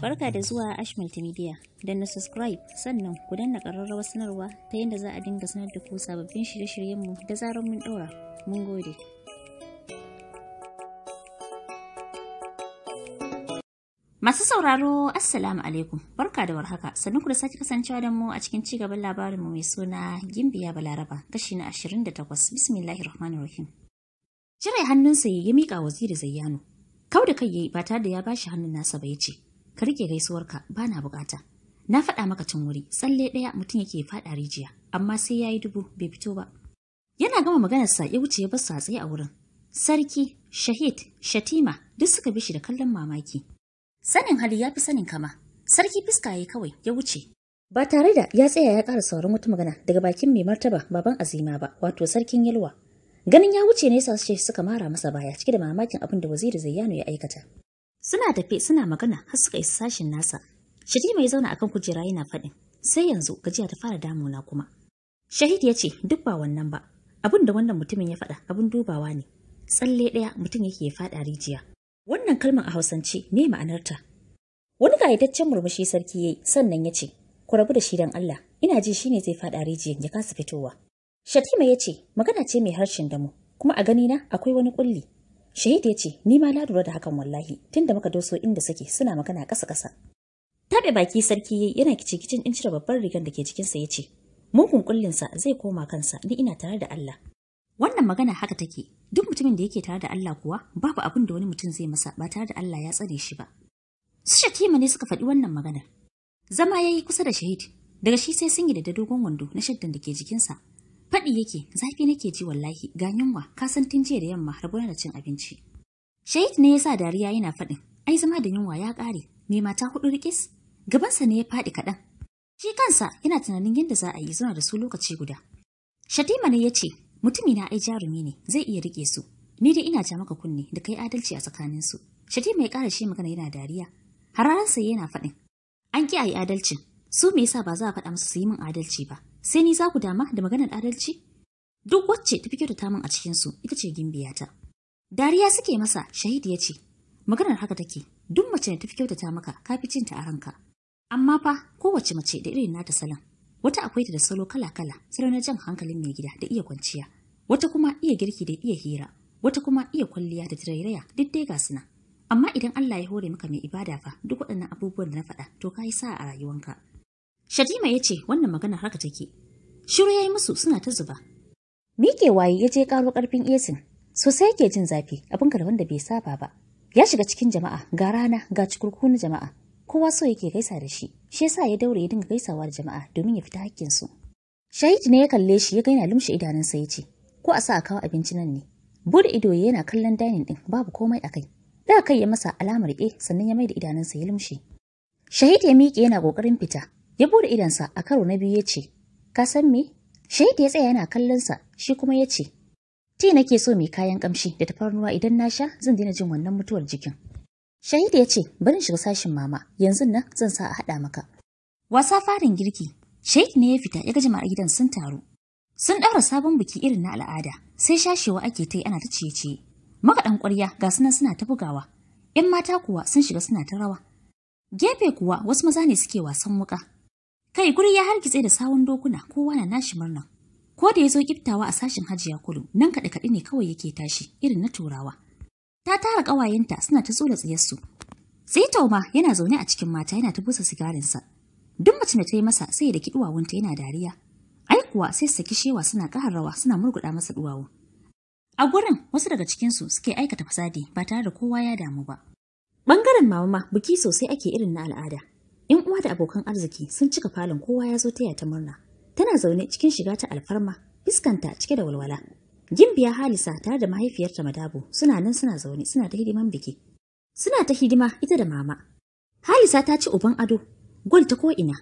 Barka da zuwa Ash Multimedia. Don na subscribe sannan ku danna ƙararrawar sanarwa ta yadda za a dinga sanar da ku sababbin shirye-shiryenmu da zarar mun ɗora. Mun gode. Masu sauraro, Assalamu alaikum. Barka da warhaka. Sannu ku da sake kasancewa da mu a cikin cigaban gaban labarinmu mai suna Gimbiya Balaraba, kashi na 28. rahim Jirai hannunsa ya miƙa wa Ziri Zayyano. Kau da kai yayi ba tare da ya bashi hannun nasa bai ce, ka rike gaisuwarka ba na bukata na faɗa maka tun wuri tsalle ɗaya mutum yake faɗa rijiya amma sai ya yi dubu bai fito ba yana gama maganar sa ya wuce ya bar a wurin sarki shahid shatima duk suka bi shi da kallon mamaki sanin hali ya fi sanin kama sarki fuska ya kawai ya wuce ba tare da ya tsaya ya ƙara sauran wata magana daga bakin mai martaba baban azima ba wato sarkin yalwa ganin ya wuce ne sa suka mara masa baya cike da mamakin abin da waziri zayyano ya aikata Suna tafe suna magana har suka isa sashin nasa. Shatima mai zauna akan kujera yana faɗin. Sai yanzu gajiya ta fara damuna kuma. Shahid ya ce duk ba wannan ba. Abin da wannan mutumin ya faɗa abin dubawa ne. Tsalle ɗaya mutum yake ya faɗa rijiya. Wannan kalmar a Hausance me ma'anarta? Wani kayataccen murmushi sarki yayi sannan ya ce ku rabu da shi dan Allah ina ji shine zai faɗa rijiyar ya kasa fitowa. Shatima ya ce magana ce mai harshen damu kuma a ganina akwai wani kulli Shahid ya ce, Ni ma na lura da hakan wallahi, tunda muka doso inda suke suna magana ƙasa-ƙasa. Taɓe baki sarki yana kicin in cire babban rigar da ke jikinsa ya ce, Mun kullinsa zai koma kansa, ni ina tare da Allah. Wannan magana haka take, duk mutumin da yake tare da Allah kuwa babu abin da wani mutum zai masa ba tare da Allah ya tsare shi ba. Su Shatima ne suka faɗi wannan magana Zama ya yi kusa da Shahid, daga shi sai sun yi da dogon wando na shaddan da ke jikinsa, Faɗi yake, zafi nake ji wallahi, ga yunwa, ka san tun jiya da yamma rabona da cin abinci. Shahid ne ya sa dariya yana faɗin, ai zama da yunwa ya ƙare, me mata huɗu rikis? Gabansa ne ya faɗi kaɗan. Shi kansa yana tunanin yadda za a yi zauna da su lokaci guda. Shatima ne ya ce, mutumi na ai jarumi ne, zai iya riƙe su. Ni dai ina ja maka kunne da kai adalci a su Shatima ya ƙara shi magana yana dariya. Hararansa yana faɗin, an ƙi a yi adalcin, su me yasa ba za a faɗa masa su yi min adalci ba sai ni za ku dama da maganar adalci? Duk wacce ta fi kyautata min a cikinsu ita ce gimbiya ta. Dariya suke masa shahidi ya ce, maganar haka take, duk mace da ta fi kyautata maka ka fi cinta a ranka. Amma fa kowace mace da irin nata salon, wata akwai ta da salo kala-kala, salo na jan hankalin mai gida da iya kwanciya, wata kuma iya girki da iya hira, wata kuma iya kwalliya da tirairaya duk dai ga suna. Amma idan Allah ya hore maka mai ibada fa duk waɗannan abubuwan da na faɗa to ka yi sa'a a rayuwanka. Shadima ya ce wannan magana haka take. Shiru ya yi musu suna ta zuba. Mike waye ya je karo karfin esin sosai yake jin zafi abin da wanda bai saba ba. Ya shiga cikin jama'a ga rana ga cikurku na jama'a. Kowa so yake gaisa da shi. Shi yasa ya daure ya dinga gaisawa da jama'a domin ya fita hakkin su. Shahid ne ya kalle shi ya gaina lumshe idanun sa ya ce ko a sa a kawo abinci nan ne. Bude ido yana kallon dainin din babu komai a kai. Da kai ya masa alamar e sannan ya mai da sa ya lumshe. Shahid ya miƙe yana ƙoƙarin fita Ya bude idansa a karo na biyu ya ce, Ka san me? Shahid ya tsaya yana kallon sa, shi kuma ya ce, Ti nake so mai kayan kamshi da tafarnuwa idan na sha zan daina jin wannan mutuwar jikin. Shahid ya ce, Barin shiga sashin mama, yanzu na zan sa a haɗa maka. Wasa farin girki, Shahid ne ya fita ya ga jama'ar gidan sun taru. Sun ɗaura sabon biki irin na al'ada, sai shashewa ake ta yi ana ta ciye-ciye. Makaɗan ƙwarya ga sunan suna ta bugawa, ‘yan mata kuwa sun shiga suna ta rawa. Gefe kuwa wasu maza ne suke wasan wuƙa, Kai guri ya hargitse da sawun dokuna kowa na nashi murna Ko da ya zo kiftawa a sashin Hajiya Kulu, nan kaɗe-kaɗe ne kawai yake tashi, irin na Turawa. Ta tara ƙawayenta suna ta tsola tsiyarsu. Tsito ma yana zaune a cikin mata yana ta busa sigarinsa. Duk mace da ta yi masa sai da kiɗuwawunta yana dariya. Ai kuwa sai saki shewa suna rawa suna murguɗa masa duwawu. A gurin wasu daga cikinsu suke aikata fasadi ba tare da kowa ya damu ba. Bangaren mama buki sosai ake irin na al'ada. 'Yan uwa da abokan arziki sun cika falon kowa ya zo taya ta murna. Tana zaune cikin shiga ta alfarma, fiskanta cike da walwala. Gimbiya Halisa tare da mahaifiyarta Madabo suna nan suna zaune suna ta hidiman biki. Suna ta hidima ita da mama. Halisa ta ci uban ado, gol ta ko ina.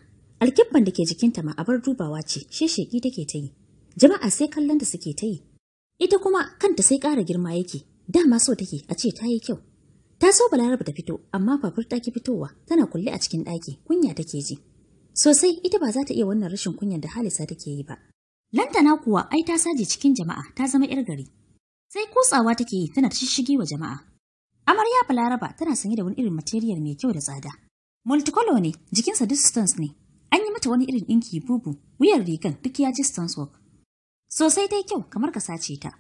Alkibban da ke jikinta ma abar dubawa ce, shesheki take ta yi. Jama'a sai kallon da suke ta yi. Ita kuma kanta sai ƙara girma yake, dama so take a ce ta yi kyau. Ta so Balaraba ta fito, amma fafur ta fitowa, tana kulle a cikin ɗaki, kunya take ji. Sosai ita ba za ta iya wannan rashin kunyan da Halisa take yi ba. Lantana kuwa ai ta saje cikin jama'a, ta zama 'yar gari. Sai kutsawa take yi tana shishige wa jama'a. Amarya Balaraba tana sanye da wani irin material mai kyau da tsada. Multicolor ne, jikinsa distance ne. An yi mata wani irin ɗinki bubu, wuyar rigan duk ya ji distance work. Sosai dai kyau kamar ka sace ta.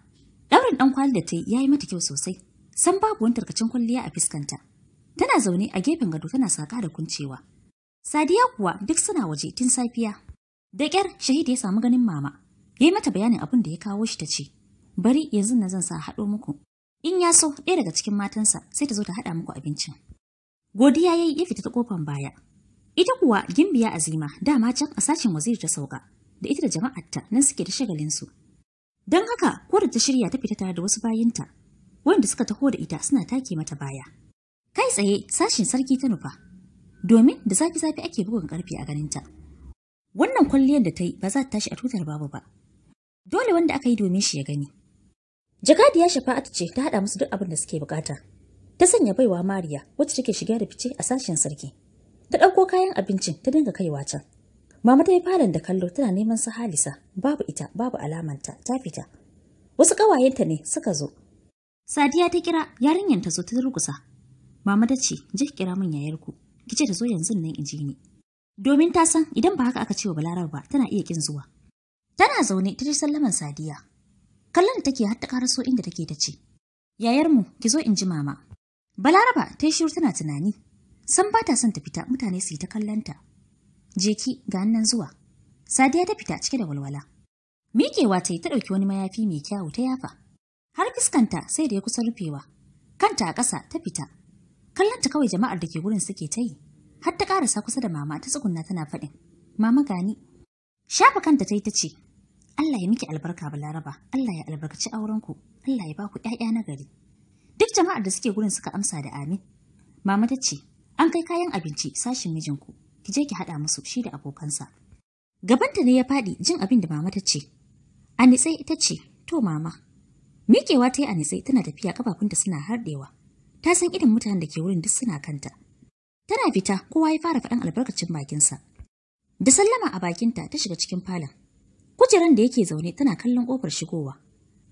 Daurin ɗan kwali da ta yi ya yi mata kyau sosai, san babu wani tarkacin kwalliya a fiskanta Tana zaune a gefen gado tana saka da kuncewa. Sadiya kuwa duk suna waje tun safiya. Da ƙyar shahid ya samu ganin mama. Ya yi mata bayanin abin da ya kawo shi ta ce, Bari yanzu na zan sa haɗo muku. In ya so ɗaya daga cikin matansa sai ta zo ta haɗa muku abincin. Godiya ya yi ya fita ta kofan baya. Ita kuwa gimbiya azima dama can a sashen waziri ta sauka da ita da jama'arta nan suke da shagalinsu. Don haka ko da ta shirya ta fita tare da wasu bayinta wanda suka taho da ita suna take mata baya. Kai tsaye sashin sarki ta nufa, domin da zafi-zafi ake bugun karfe a ganinta. Wannan kwalliyar da ta yi ba za ta tashi a tutar babu ba. Dole wanda aka yi domin shi ya gani. Jakadi ya Jakadiya ta ce ta haɗa musu duk abin da suke bukata. Ta sanya baiwa Mariya wacce take shiga da fice a sashin sarki. Ta ɗauko kayan abincin ta dinga kaiwa can. Mama ta yi falon da kallo tana neman su Halisa, babu ita, babu alamanta, ta fita. Wasu ƙawayenta ne suka zo, Sadiya ta kira yarinyar ta zo ta rugusa. Mama ta ce, "Je kira min yayarku, ki ce ta zo yanzu nan in ji ni." Domin ta san idan ba haka aka ce wa Balaraba ba, tana iya kin zuwa. Tana zaune ta ji sallaman Sadiya. Kallon take har ta karaso inda take ta ce, "Yayarmu, ki zo in ji mama." Balaraba ta yi shiru tana tunani. San ba ta son ta fita mutane su yi ta kallonta. Je ki ga nan zuwa. Sadiya ta fita cike da walwala. Miƙewa ta yi ta ɗauki wani mayafi mai kyawu ta yafa. har fiskanta sai da ya kusa rufewa kanta a ƙasa ta fita kallonta kawai jama'ar da ke gurin suke ta yi har ta ƙarasa kusa da mama ta tsukunna tana faɗin mama gani shafa kanta ta yi ta ce Allah ya miki albarka balaraba Allah ya albarkaci aurenku Allah ya ba ku ƴaƴa na gari duk jama'ar da suke gurin suka amsa da amin mama ta ce an kai kayan abinci sashin mijinku ki je ki haɗa musu shi da abokansa gabanta ne ya faɗi jin abin da mama ta ce a nitse ita ce to mama Miƙewa ta yi a Nisai tana tafiya ƙafafunta suna harɗewa. Ta san irin mutanen da ke wurin duk suna kanta. Tana fita kowa ya fara faɗan albarkacin bakinsa. Da sallama a bakinta ta shiga cikin falon. Kujeran da yake zaune tana kallon ƙofar shigowa.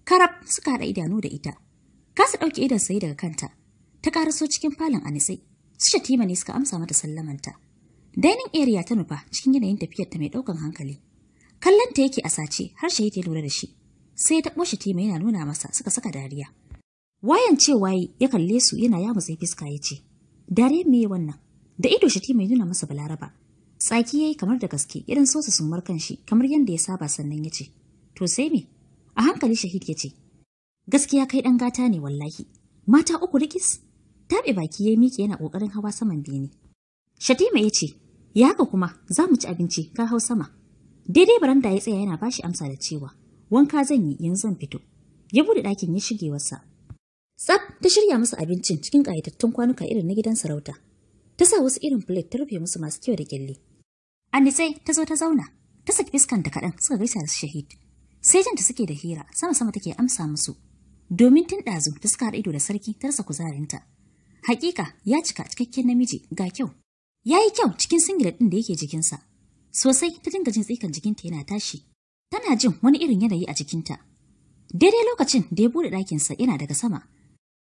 Karab suka haɗa idanu da ita. Kasa ɗauke idon sayi daga kanta. Ta ƙaraso cikin falon a Nisai. Su shatima ne suka amsa mata sallamanta. Dainin area ta nufa cikin yanayin tafiyarta mai ɗaukan hankali. Kallonta yake a sace har shayi ta lura da shi. sai ya taɓo shi tema yana nuna masa suka saka dariya. Wayan cewa ya kalle su yana ya matsayi fiska ya ce, Dare me wannan? Da ido shi tema nuna masa balaraba. Tsaki ya yi kamar da gaske irin sosa sun markan shi kamar yadda ya saba sannan ya ce, To sai me? A hankali shahid ya ce, Gaskiya kai ɗan gata ne wallahi. Mata uku rikis? Taɓe baki ya yi miƙe yana ƙoƙarin hawa saman bene. Shatima ya ce, Ya haka kuma za mu ci abinci ka hau sama. Daidai baranda ya tsaya yana bashi amsa da cewa, wanka zan yi yanzu zan fito. Ya buɗe ɗakin ya shige wasa. Tsaf ta shirya musu abincin cikin ƙayatattun kwanuka irin na gidan sarauta. Ta sa wasu irin plate ta rufe musu masu kyau da kyalle. Annisai ta zo ta zauna, ta saki fiskan ta kaɗan suka gaisa da shahid. Sai ta suke da hira sama-sama take amsa musu. Domin tun ɗazu ta suka haɗa ido da sarki ta rasa kuzarinta. Hakika ya cika cikakken namiji ga kyau. Ya yi kyau cikin singilet ɗin da yake jikinsa. Sosai ta dinga jin tsikan jikinta yana tashi Tana jin wani irin yanayi a jikinta. Daidai lokacin da ya buɗe ɗakinsa yana daga sama.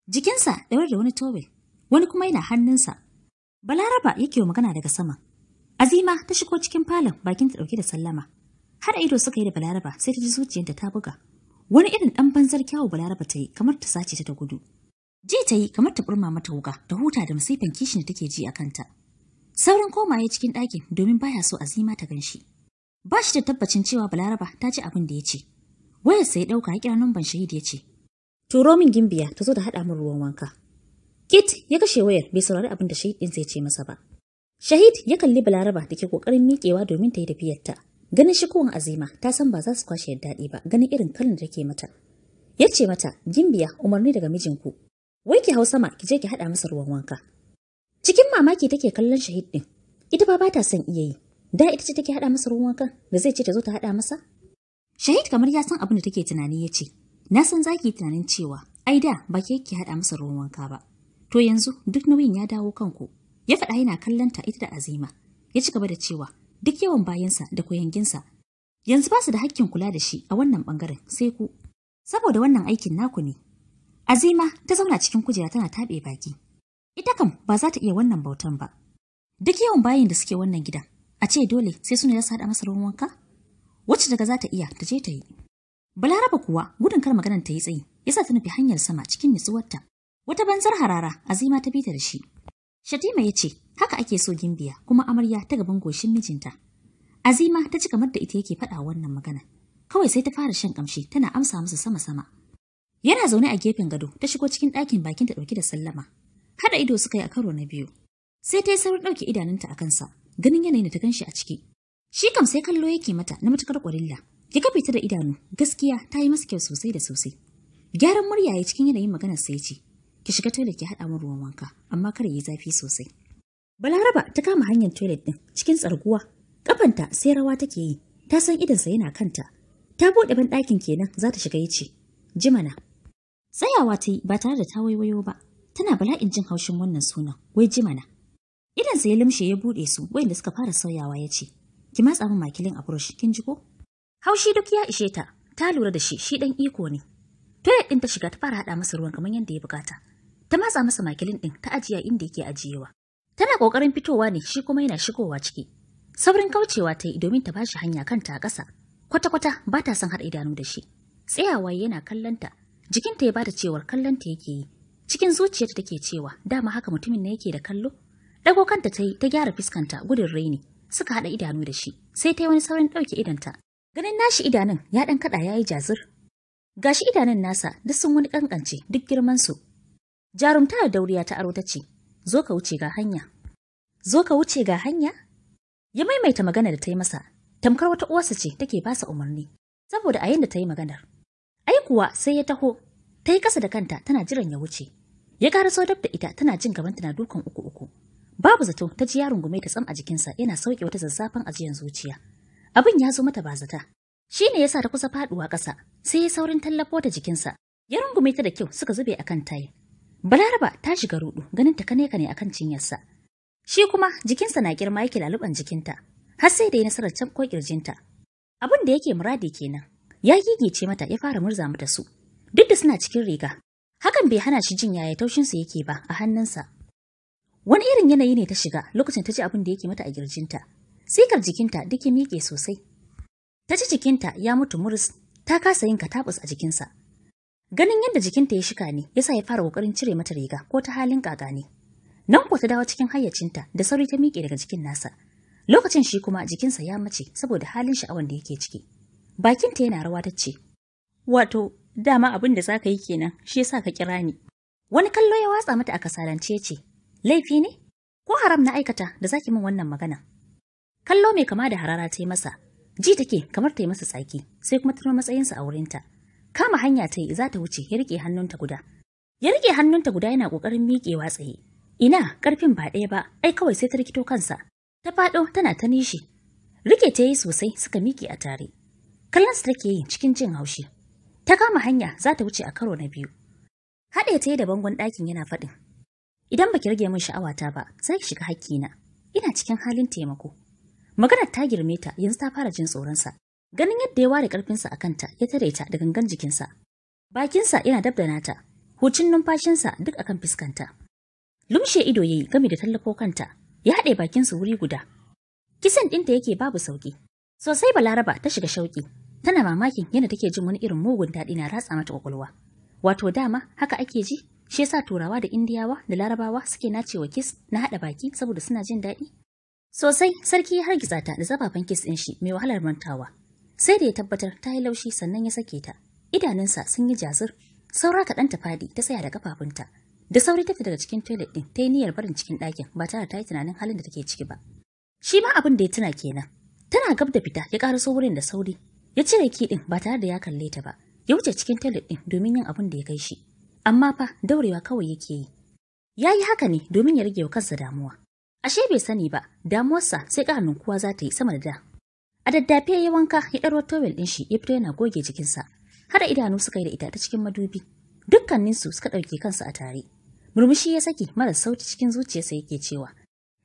Jikinsa ɗaure da wani towel, wani kuma yana hannunsa. Balaraba yake wa magana daga sama. Azima ta shigo cikin falon bakin ta ɗauke da sallama. Har ido suka yi da Balaraba sai ta ji zuciyarta ta buga. Wani irin ɗan banzar kyawu Balaraba ta yi kamar ta sace ta ta gudu. Ji ta yi kamar ta burma mata wuka ta huta da masifan kishin da take ji a kanta. Saurin komaye cikin ɗakin domin baya so Azima ta gan shi. Ba shi da tabbacin cewa Balaraba ta ci abin da ya ce. Wayar sai ɗauka ya kira numban shahid ya ce, Turo min gimbiya ta zo da haɗa min ruwan wanka. Kit ya kashe wayar bai saurari abin da shahid ɗinsa ya ce masa ba. Shahid ya kalli Balaraba da ke ƙoƙarin miƙewa domin ta yi tafiyarta. Ganin shi azima ta san ba za su kwashe yadda daɗi ba ganin irin kalan da take mata. Ya ce mata, Gimbiya umarni daga mijinku. Wai ki hau sama ki je ki haɗa masa ruwan wanka. Cikin mamaki take kallon shahid ɗin. Ita ba ba ta son iya yi. Da ita ce take haɗa masa ruwan kan da zai ce ta zo ta haɗa masa? Shahid kamar ya san abin da take tunani ya ce, Na san za ki tunanin cewa, ai da ba ke yake haɗa masa ruwan wanka ba. To yanzu duk nauyin ya dawo kanku. Ya faɗa yana kallon ta ita da azima. Ya ci gaba da cewa, duk yawan bayansa da koyanginsa, yanzu ba su da hakkin kula da shi a wannan bangaren sai ku. Saboda wannan aikin naku ne. Azima ta zauna cikin kujera tana taɓe baki. Ita kam ba za ta iya wannan bautan ba. Duk yawan bayin da suke wannan gidan, A ce dole sai suna yasa da masa ruwan wanka? Wacce daga za ta iya ta je ta yi. Balaraba kuwa gudun kar maganar ta yi tsayi ya sa ta nufi hanyar sama cikin nutsuwarta. Wata banzar harara azima ta bi ta da shi. Shatima ya ce haka ake so gimbiya kuma amarya ta gaban goshin mijinta. Azima ta ci kamar da ita yake faɗa wannan magana. Kawai sai ta fara shan kamshi tana amsa masa sama-sama. Yana zaune a gefen gado ta shigo cikin ɗakin ta ɗauke da sallama. Haɗa ido suka yi a karo na biyu. Sai ta yi saurin ɗauke idanunta a kansa ganin yanayin da ta ganshi a ciki. Shi kam sai kallo yake mata na matukar ƙwarilla. Ya kafe ta da idanu, gaskiya ta yi masa kyau sosai da sosai. Gyaran murya ya cikin yanayin maganar sai ce, ki shiga toilet ki haɗa min ruwan wanka, amma kar yi zafi sosai. Balaraba ta kama hanyar toilet ɗin cikin tsarguwa, Ƙafanta sai rawa take yi, ta san idansa yana kanta. Ta buɗe ban ɗakin kenan za ta shiga yace, Jimana. Tsayawa ta yi ba tare da ta waiwayo ba, tana bala'in jin haushin wannan sunan, wai Jimana. Idan sai lumshe ya buɗe su wayanda suka fara sauyawa ya ce, Ki matsa min makilin a brush kin ji ko? Haushi duk ya ishe ta, ta lura da shi, shi dan iko ne. Toilet ɗin ta shiga ta fara hada masa ruwan kamar yadda ya bukata. Ta matsa masa makilin ɗin ta ajiya inda yake ajiyewa. Tana kokarin fitowa ne shi kuma yana shigowa ciki. Saurin kaucewa ta yi domin ta bashi hanya kanta a ƙasa. Kwata-kwata ba ta son haɗa idanu da shi. Tsayawa yana kallonta, jikinta ya bata cewar kallonta yake yi. Cikin zuciyarta take cewa dama haka mutumin ne yake da kallo Dago kanta ta yi ta gyara fuskanta gudun raini suka haɗa idanu da shi sai ta yi wani saurin ɗauke idanta. Ganin nashi idanun ya ɗan kaɗa yayi jazir. Gashi idanun nasa duk sun wani ƙanƙance duk girman su. Jarumta da dauriya ta aro ta ce, Zo ka wuce ga hanya. Zo ka wuce ga hanya? Ya maimaita magana da ta yi masa, tamkar wata uwarsa ce take ba sa umarni, saboda a da ta yi maganar. Ai kuwa sai ya taho, ta yi ƙasa da kanta tana jiran ya wuce. Ya ƙara so dab da ita tana jin ta na dukan uku uku. Babu zato ta ji yaron gume ta tsam a jikinsa yana sauke wata zazzafan ajiyan zuciya. Abin ya zo mata ba zata. Shi ne yasa ta kusa faduwa ƙasa, sai ya saurin tallafo ta jikinsa. Yaron gume ta da kyau suka zube akan tayi. Balaraba ta shiga rudu ganin ta kane kane akan cinyarsa. Shi kuma jikinsa na girma yake laluban jikinta. Har sai da ya nasarar ko kirjinta. Abin da yake muradi kenan. Ya gigice mata ya fara murza mata su. Duk da suna cikin riga. Hakan bai hana shi jin yaya taushinsu yake ba a hannunsa. Wani irin yanayi ne ta shiga lokacin ta ji abin da yake mata a girjinta. Sikar jikinta duk ya miƙe sosai. Ta ji jikinta ya mutu muris, ta kasa yin katabus a jikinsa. Ganin yadda jikinta ya shika ne, yasa ya fara kokarin cire mata riga ko ta halin kaka ne. Nan ko ta dawo cikin hayyacinta da sauri ta miƙe daga jikin nasa. Lokacin shi kuma jikinsa ya mace saboda halin sha'awan da yake ciki. Bakinta yana rawa ta ce, Wato, dama abin da za ka yi kenan, shi yasa ka kira ni. Wani kallo ya watsa mata a kasalance ce, Laifi ne? Ko haram na aikata da zaki min wannan magana? Kallo mai kama da harara ta yi masa, ji take kamar ta yi masa tsaki, sai kuma ta matsayinsa a wurinta. Kama hanya ta yi za ta wuce ya riƙe hannunta guda. Ya riƙe hannunta guda yana ƙoƙarin miƙewa tsaye. Ina ƙarfin ba ɗaya ba, ai kawai sai ta rikito kansa. Ta faɗo tana ta nishi. Rike ta yi sosai suka miƙe a tare. Kallon su take yi cikin jin haushi. Ta kama hanya za ta wuce a karo na biyu. Haɗe ta yi da bangon ɗakin yana faɗin. Idan baki rage min sha'awata ba, sai ki shiga na. Ina cikin halin taimako. Maganar ta girme ta, yanzu ta fara jin tsoron sa. Ganin yadda ya ware karfinsa a kanta, ya tare ta da gangan jikinsa. Bakinsa yana dab da nata, hucin numfashinsa duk akan fiskanta. Lumshe ido yayi game da tallafo kanta, ya haɗe bakinsa wuri guda. Kisan ɗinta yake babu sauki. Sosai Balaraba ta shiga shauki, tana mamakin yadda take jin wani irin mugun daɗi na ratsa mata kwakwalwa. Wato dama haka ake ji? Shi yasa Turawa da Indiyawa da Larabawa suke nacewa kis na haɗa baki saboda suna jin daɗi? Sosai sarki ya hargitsa ta da zafafan kis ɗin shi mai wahalar mantawa. Sai da ya tabbatar ta yi laushi sannan ya sake ta. Idanunsa sun yi jazir. Saura kaɗan ta faɗi ta tsaya da kafafunta. Da sauri ta fita daga cikin toilet ɗin ta yi niyyar barin cikin ɗakin ba tare ta yi tunanin halin da take ciki ba. Shi ma abin da ya tuna kenan. Tana gab da fita ya ƙaraso wurin da sauri. Ya cire ki ba tare da ya kalle ta ba. Ya wuce cikin toilet ɗin domin yin abin da ya kai shi. amma fa daurewa kawai yake yi. Ya yi haka ne domin ya rage wa kansa damuwa. Ashe bai sani ba, damuwarsa sai ƙarin kuwa za ta yi sama da da. A daddafe ya yi wanka ya ɗaro towel ɗin shi ya fito yana goge jikinsa. Har idanu suka yi da ita ta cikin madubi. Dukkaninsu suka ɗauke kansa a tare. Murmushi ya saki mara sauti cikin zuciyarsa yake cewa,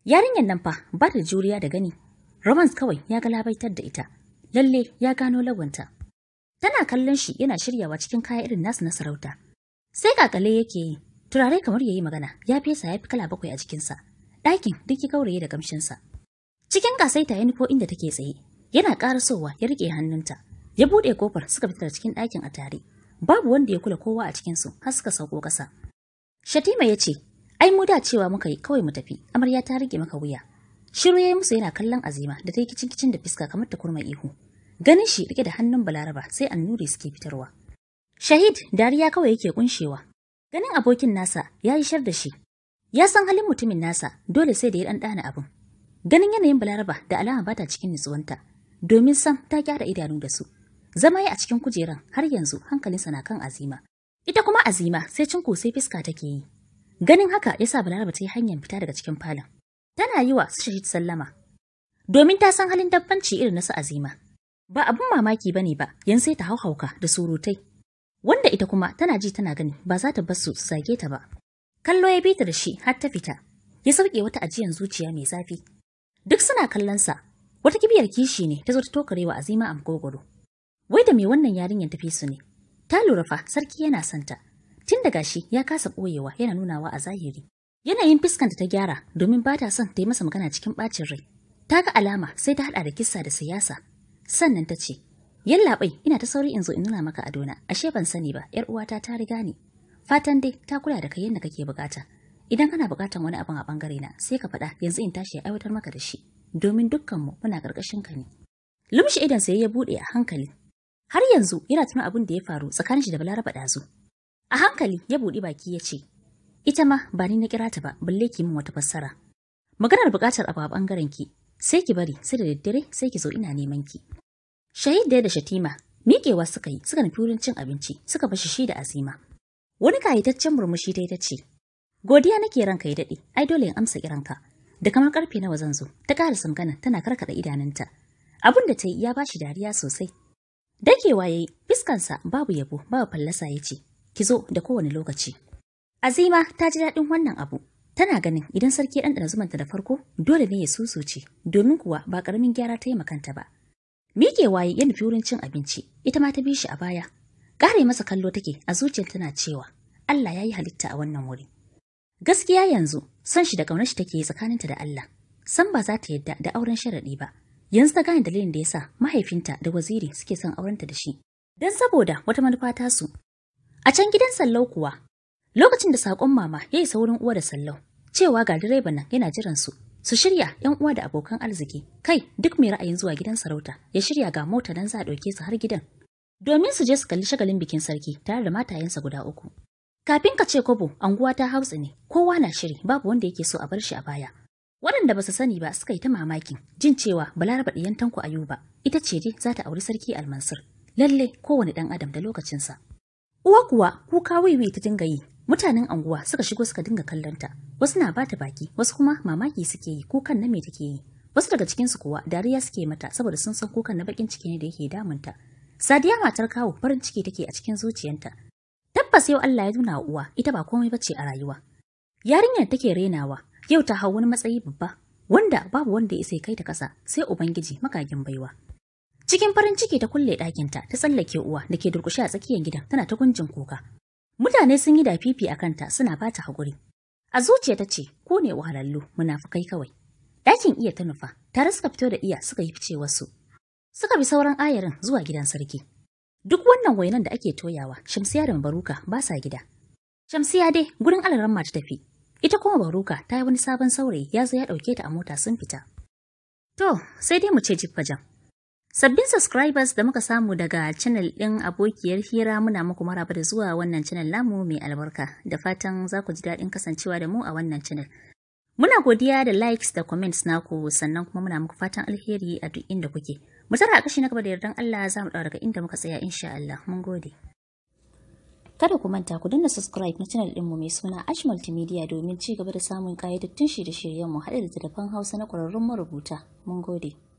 Yarinyar nan fa ba ta juriya da gani. Romance kawai ya galabaitar da ita. Lalle ya gano lagwanta. Tana kallon shi yana shiryawa cikin kaya irin nasu na sarauta. Sai kalle yake yi, turare kamar yayi magana, ya fesa ya fi kala bakwai a jikinsa. Ɗakin duk ya gauraye da kamshinsa. Cikin kasaita ta nufo inda take tsaye, yana ƙarasowa ya riƙe hannunta. Ya buɗe kofar suka fita da cikin ɗakin a tare. Babu wanda ya kula kowa a cikinsu har suka sauko ƙasa. Shatima ya ce, Ai mu da cewa muka yi kawai mu tafi, amarya ta rike maka wuya. Shiru ya yi musu yana kallon azima da ta yi kicin kicin da fiska kamar ta kurma ihu. Ganin shi rike da hannun balaraba sai annuri suke fitarwa. Shahid dariya kawai yake kunshewa. Ganin abokin nasa ya yi shar da shi. Ya san halin mutumin nasa dole sai da ya ɗanɗana abin. Ganin yanayin Balaraba da alama bata cikin nutsuwanta, domin san ta gyara idanu da su. Zama yi a cikin kujeran har yanzu hankalinsa na kan Azima. Ita kuma Azima sai cin sai fiska take yi. Ganin haka yasa Balaraba ta yi hanyar fita daga cikin falon. Tana yi wa Shahid sallama. Domin ta san halin dabbanci irin na su Azima. Ba abun mamaki bane ba, yanzu sai ta hauhauka da surutai wanda ita kuma tana ji tana gani ba za ta basu su zage ta ba. Kallo ya bi ta da shi har ta fita, ya sauke wata ajiyan zuciya mai zafi. Duk suna kallonsa, wata kibiyar kishi ne ta zo ta tokarewa azima a makogoro. Wai da me wannan yarinyar tafi su ne, ta lura fa sarki yana santa, tun daga shi ya kasa ɓoyewa yana nunawa a zahiri. Yanayin fuskanta ta gyara domin ba ta son ta yi masa magana cikin ɓacin rai. Ta ga alama sai ta haɗa da kissa da siyasa, sannan ta ce, Yallaɓai, ina ta sauri in zo in nuna maka adona, ashe ban sani ba, ‘yar uwata ta riga ni. Fatan dai ta kula da kai yadda kake bukata. Idan kana bukatan wani abin a bangare na, sai ka faɗa yanzu in tashi ya aiwatar maka da shi, domin dukkanmu muna ƙarƙashin ka ne. Lumshi idan sai ya buɗe a hankali. Har yanzu yana tuna abin da ya faru tsakanin shi da Balaraba ɗazu. A hankali ya buɗe baki ya ce, Ita ma ba ni na kira ta ba, balle ki min wata fassara. Maganar bukatar abu a bangaren ki, sai ki bari sai da daddare sai ki zo ina neman ki. Shahid da Shatima miƙewa suka yi suka nufi wurin cin abinci suka bashi shi da Azima. Wani kayataccen murmushi dai ta ce, Godiya nake ranka ya daɗe, ai dole in amsa kiranka. Da kamar karfe nawa zan zo, ta ƙara samgana tana karkaɗa idanunta. Abin da ta yi ya bashi dariya sosai. Dakewa ya yi, fiskansa babu yabo, babu fallasa ya ce, ki zo da kowane lokaci. Azima ta ji daɗin wannan abu, Tana ganin idan sarki ya ɗanɗana zumanta da farko dole ne ya susuce domin kuwa ba ƙaramin gyara ta yi makanta ba. waye ya nufi wurin cin abinci, ita ma ta bi shi a baya. Ƙare masa kallo take a zuciyar tana cewa, Allah ya yi halitta a wannan wuri. Gaskiya yanzu, son shi da ƙaunar shi take tsakaninta da Allah. San ba za ta yadda da auren sharaɗi ba. Yanzu ta gane dalilin da ya sa mahaifinta da waziri suke son aurenta da shi. Dan saboda wata manufa su. A can gidan Sallau kuwa, lokacin da saƙon mama ya isa wurin uwa da Sallau, cewa ga direba nan yana jiran su Su shirya ‘yan uwa da abokan arziki, kai duk mai ra'ayin zuwa gidan sarauta ya shirya ga mota don za a ɗauke su har gidan. Domin su je su kalli shagalin bikin sarki tare da matayensa guda uku. Kafin ka ce kobo, anguwa ta hautsi ne, kowa na shiri babu wanda yake so a bar shi a baya. Waɗanda ba su sani ba suka yi ta mamakin jin cewa Balaraba ɗiyan Tanko Ayuba ita ce dai za ta auri sarki Almansir. Lalle kowane ɗan adam da lokacinsa. Uwa kuwa kuka wiwi ta dinga yi Mutanen anguwa suka shigo suka dinga kallonta, wasu na bata baki, wasu kuma mamaki suke yi kukan na me take yi. Wasu daga cikin su kuwa dariya suke mata saboda sun san kukan na bakin ciki ne da yake damunta. Sadiya matar kawo farin ciki take a cikin zuciyanta. Tabbas yau Allah ya nuna wa uwa ita ba komai bace a rayuwa. Yarinyar take renawa yau ta hau wani matsayi babba wanda babu wanda ya sai kai ta kasa sai ubangiji makagin baiwa cikin farin ciki ta kulle ɗakinta ta tsallake uwa da ke durƙushe a tsakiyar gidan tana ta gunjin kuka Mutane sun yi dafifi a kanta suna ba ta haƙuri. A zuciya ta ce, ko ne wahalallu munafukai kawai. Ɗakin iya ta nufa, tare suka fito da iya suka yi fice wasu. Suka bi sauran ayarin zuwa gidan sarki. Duk wannan wainan da ake toyawa, Shamsiya da Baruka ba sa gida. Shamsiya dai gurin alaran ta tafi. Ita kuma Baruka ta yi wani sabon saurayi ya zo ya ɗauke ta a mota sun fita. To, sai dai mu ce jiffa jam. Sabbin subscribers da muka samu daga channel ɗin abokiyar hira muna muku maraba da zuwa wannan channel namu mai albarka da fatan za ku ji daɗin kasancewa da mu a wannan channel. Muna godiya da likes da comments naku sannan kuma muna muku fatan alheri a duk inda kuke. Mu tsara a kashi na gaba da yardan Allah za mu daga inda muka tsaya insha Allah. Mun gode. Kada ku manta ku danna subscribe na channel ɗinmu mai suna Ash Multimedia domin ci gaba da samun ƙayyadattun shirye-shiryenmu haɗe da tafan Hausa na ƙwararrun marubuta. Mun gode.